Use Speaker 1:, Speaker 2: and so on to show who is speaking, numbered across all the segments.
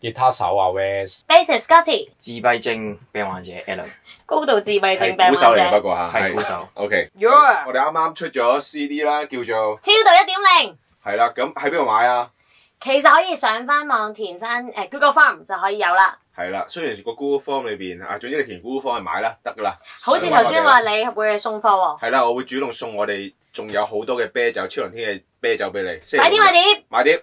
Speaker 1: 吉他手啊
Speaker 2: Wes，Bass，Scottie
Speaker 3: 自閉症病患者，Allen，
Speaker 2: 高度自閉症病患者。係鼓手嚟不過
Speaker 3: 吓，係鼓手。
Speaker 1: O K，我哋啱啱出咗 C D 啦，叫做《
Speaker 2: 超度一點零》。
Speaker 3: 係啦，咁喺邊度買
Speaker 1: 啊？
Speaker 2: 其實可以上翻網填翻誒 Google Form 就可以有啦。
Speaker 1: 係啦，雖然個 Google Form 裏邊啊，總之你填 Google Form 去買啦，得噶啦。好似頭先話你
Speaker 2: 會送貨喎。
Speaker 1: 係啦，我會主動送我哋，仲有好多嘅啤酒，超能天氣啤酒俾你。買啲，買碟，買碟。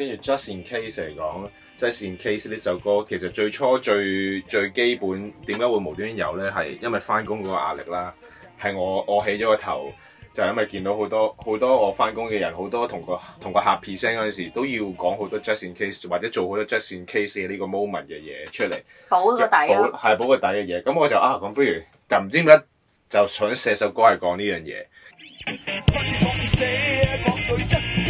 Speaker 1: 跟住 Just in case 嚟講，Just in case 呢首歌其實最初最最基本點解會無端端有咧，係因為翻工嗰個壓力啦。係我我起咗個頭，就係、是、因為見到好多好多我翻工嘅人，好多同個同個客 present 嗰陣時都要講好多 Just in case 或者做好多 Just in case 呢個 moment 嘅嘢出嚟，
Speaker 2: 補個底咯，啊，
Speaker 1: 係補個底嘅嘢。咁我就啊，咁不如，但唔知點解就想寫首歌係講呢樣嘢。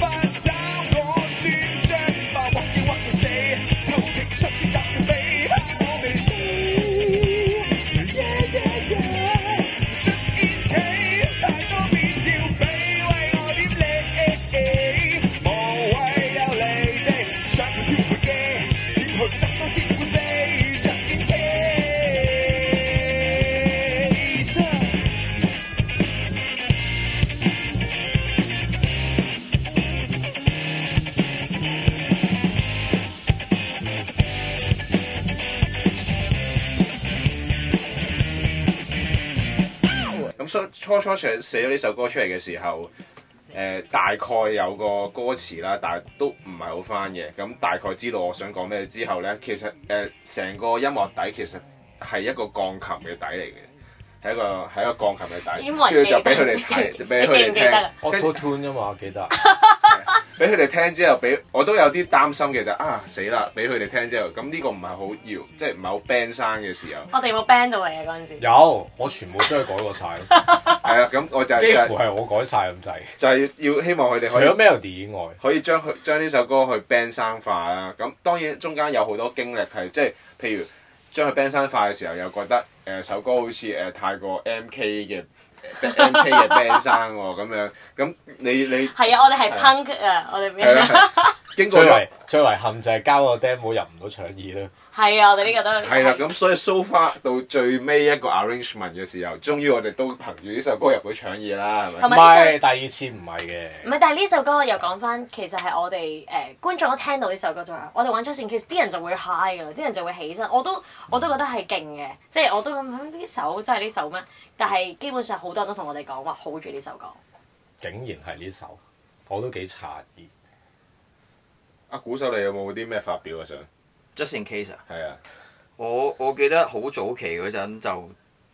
Speaker 1: 咁初初寫寫咗呢首歌出嚟嘅時候，誒、呃、大概有個歌詞啦，但係都唔係好翻嘅。咁大概知道我想講咩之後咧，其實誒成、呃、個音樂底其實係一個鋼琴嘅底嚟嘅，係一個係一個鋼琴嘅底，跟住就俾佢哋睇，俾佢哋聽。我拖拖音嘛，記得。俾佢哋聽之後，俾我都有啲擔心嘅就啊死啦！俾佢哋聽之後，咁呢個唔係好要，即係唔係好 band 生嘅時候。我
Speaker 2: 哋有冇 band 到你啊？嗰
Speaker 1: 陣時有，我全部將佢改過曬。係啊， 咁我就係、幾乎係我改晒咁滯。就係要希望佢哋可以除咗 melody 以外，可以將佢將呢首歌去 band 生化啦。咁當然中間有好多經歷係即係，譬如將佢 band 生化嘅時候，又覺得誒、呃、首歌好似誒、呃、太過 MK 嘅。n k 嘅 b d 生喎咁樣，咁你你係啊台上！我哋係 punk 啊！我哋邊啊！最最為憾就係交個 demo 入唔到搶耳啦。
Speaker 2: 係啊！我哋呢個都係啦。咁
Speaker 1: 所以 so far 到最尾一個 arrangement 嘅時候，終於我哋都憑住呢首歌入到搶耳啦。唔係台上第二次唔係嘅。
Speaker 2: 唔係，但係呢首歌又講翻，其實係我哋誒、呃、觀眾聽到呢首歌就係我哋玩咗線，其實啲人就會 high 嘅，啲人就會起身。我都我都覺得係勁嘅，即係我都諗緊呢首真係呢首咩？但係基本上好多人都同我哋講話好住呢首歌，
Speaker 1: 竟然係呢首，我
Speaker 3: 都幾詫異。阿、啊、鼓手你有冇啲咩發表啊？想 Just in Case 啊？係啊，我我記得好早期嗰陣就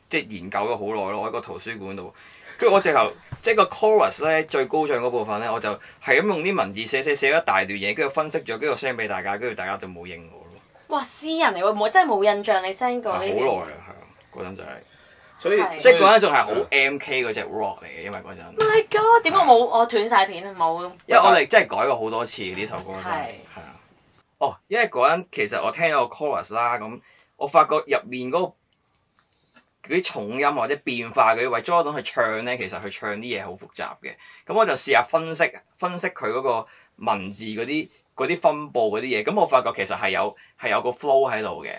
Speaker 3: 即係、就是、研究咗好耐咯，我喺個圖書館度。跟住我直頭即係個 chorus 咧最高漲嗰部分咧，我就係咁用啲文字寫寫，寫寫寫一大段嘢，跟住分析咗，跟住 send 俾大家，跟住大家就冇應我咯。
Speaker 2: 哇！詩人嚟喎，我真係冇印象你 send 過呢啲，好
Speaker 3: 耐啊，係啊，嗰陣就係、是。所以即係嗰陣仲係好 M.K. 嗰隻 rock 嚟嘅，因為嗰陣。My God！
Speaker 2: 點解冇我斷晒片冇？有，因為我哋
Speaker 3: 真係改過好多次呢首歌。係啊的。哦，因為嗰陣其實我聽咗個 chorus 啦，咁我發覺入面嗰啲重音或者變化，佢為 Jordan 去唱咧，其實佢唱啲嘢好複雜嘅。咁我就試下分析分析佢嗰個文字嗰啲。嗰啲分佈嗰啲嘢，咁我發覺其實係有係有個 flow 喺度嘅，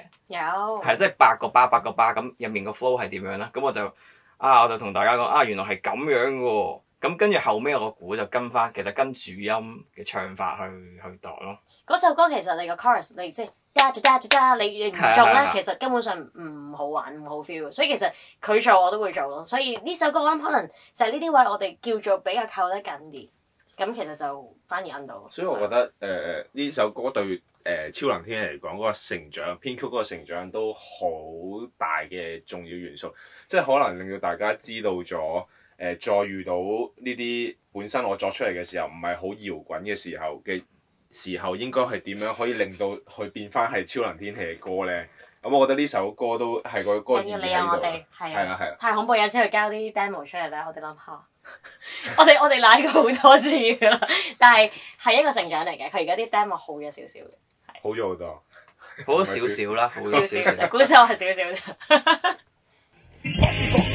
Speaker 3: 係即係八個八八個八咁入面個 flow 係點樣咧？咁我就啊我就同大家講啊，原來係咁樣嘅。哦，咁跟住後尾我個鼓就跟翻，其實跟主音嘅唱法去去度咯。
Speaker 2: 嗰首歌其實你個 chorus，你即係咋咋咋，你你唔做咧，對對對其實根本上唔好玩唔好 feel。所以其實佢做我都會做咯。所以呢首歌可能就係呢啲位我哋叫做比較靠得近啲。咁其實就反而 under 所以我覺
Speaker 1: 得誒呢首歌對誒超能天氣嚟講嗰個成長編曲嗰個成長都好大嘅重要元素，即係可能令到大家知道咗誒再遇到呢啲本身我作出嚟嘅時候唔係好搖滾嘅時候嘅時候應該係點樣可以令到佢變翻係超能天氣嘅歌呢？咁我覺得呢首歌都係個歌喺度，
Speaker 2: 係啊係啊，係恐怖有冇先交啲 demo 出嚟咧？我哋諗下。 我哋我哋奶過好多次㗎啦，但係係一個成長嚟嘅。佢而家啲 demo 好咗少少嘅，
Speaker 1: 係好咗好多，
Speaker 3: 好咗少少啦，好少少，姑
Speaker 2: 少係少少啫。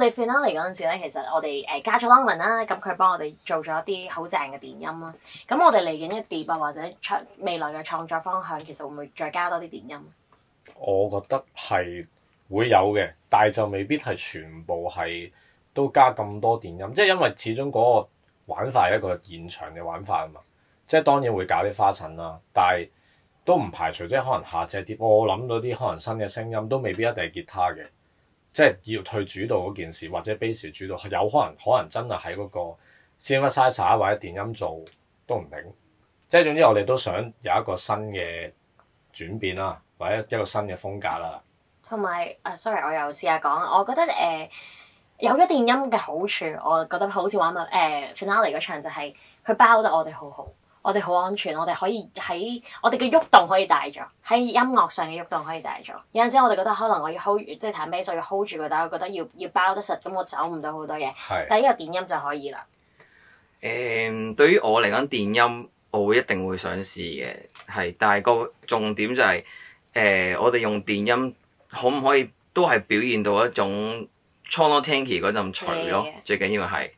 Speaker 2: 我哋 final 嚟嗰陣時咧，其實我哋誒 Garth Donovan 啦，咁佢幫我哋做咗一啲好正嘅電音啦。咁我哋嚟緊嘅碟啊，或者創未來嘅創作方向，其實會唔會再加多啲電音？
Speaker 1: 我覺得係會有嘅，但係就未必係全部係都加咁多電音。即係因為始終嗰個玩法係一個現場嘅玩法啊嘛。即係當然會搞啲花臣啦，但係都唔排除即係可能下隻碟，我諗到啲可能新嘅聲音，都未必一定係吉他嘅。即係要去主導嗰件事，或者 base 主導，有可能可能真係喺嗰個 synthesizer 或者電音做都唔定。即係總之，我哋都想有一個新嘅轉變啦，或者一個新嘅風格啦。
Speaker 2: 同埋啊，sorry，我又試下講，我覺得誒、呃、有咗電音嘅好處，我覺得好似玩埋誒、呃、finality 嗰場就係佢包得我哋好好。我哋好安全，我哋可以喺我哋嘅喐動可以大咗，喺音樂上嘅喐動，動可以大咗。有陣時我哋覺得可能我要 hold，即係彈 bass 要 hold 住，但係我覺得要要包得實，咁我走唔到好多嘢。係是，但一個電音就可以啦。
Speaker 3: 誒、嗯，對於我嚟講，電音我會一定會想試嘅，係。但係個重點就係、是，誒、嗯，我哋用電音可唔可以都係表現到一種，種《Chonotenki》嗰陣錘咯？最緊要係。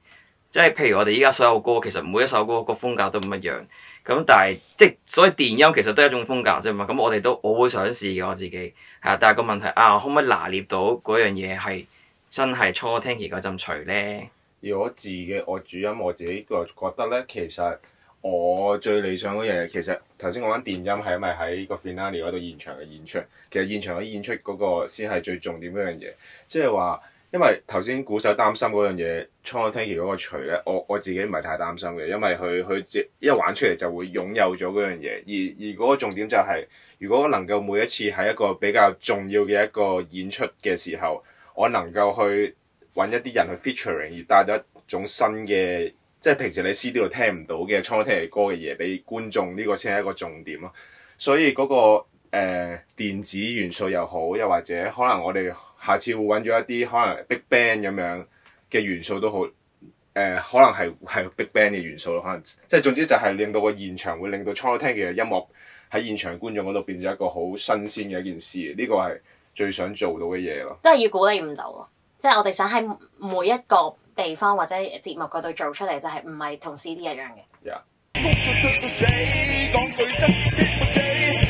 Speaker 3: 即係譬如我哋依家所有歌，其實每一首歌個風格都唔一樣。咁但係即係所以電音其實都係一種風格啫嘛。咁我哋都我會想試嘅我自己。係啊，但係個問題啊，可唔可以拿捏到嗰樣嘢係真係初聽期嗰陣除咧？
Speaker 1: 而我自己，我主音我自己就覺得咧，其實我最理想嗰樣嘢，其實頭先我玩電音係咪喺個 finale 嗰度現場嘅演出？其實現場嘅演出嗰個先係最重點嗰樣嘢，即係話。因為頭先鼓手擔心嗰樣嘢，超能天氣嗰個除咧，我我自己唔係太擔心嘅，因為佢佢一玩出嚟就會擁有咗嗰樣嘢。而而嗰個重點就係、是，如果能夠每一次喺一個比較重要嘅一個演出嘅時候，我能夠去搵一啲人去 featuring，而帶到一種新嘅，即係平時你 CD 度聽唔到嘅超能天氣歌嘅嘢畀觀眾，呢個先係一個重點咯。所以嗰、那個誒、呃、電子元素又好，又或者可能我哋。下次會揾咗一啲可能 big band 咁樣嘅元素都好，誒可能係係 big band 嘅元素咯，可能即係、就係、總之就係令到個現場會令到初聽嘅音樂喺現場觀眾嗰度變咗一個好新鮮嘅一件事，呢個係最想做到嘅嘢咯。
Speaker 2: 都係要估你唔到，即、就、係、係、我哋想喺每一個地方或者節目嗰度做出嚟，就係唔係同 CD 一樣嘅。Yeah.